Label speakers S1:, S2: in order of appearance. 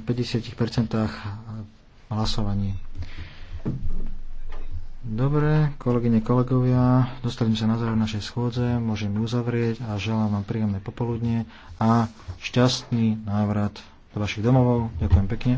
S1: pri 50% hlasovaní. Dobre, kolegyne, kolegovia, dostaním sa na záver našej schôdze, môžem ju uzavrieť a želám vám príjemné popoludne a šťastný návrat do vašich domovov.
S2: Ďakujem pekne.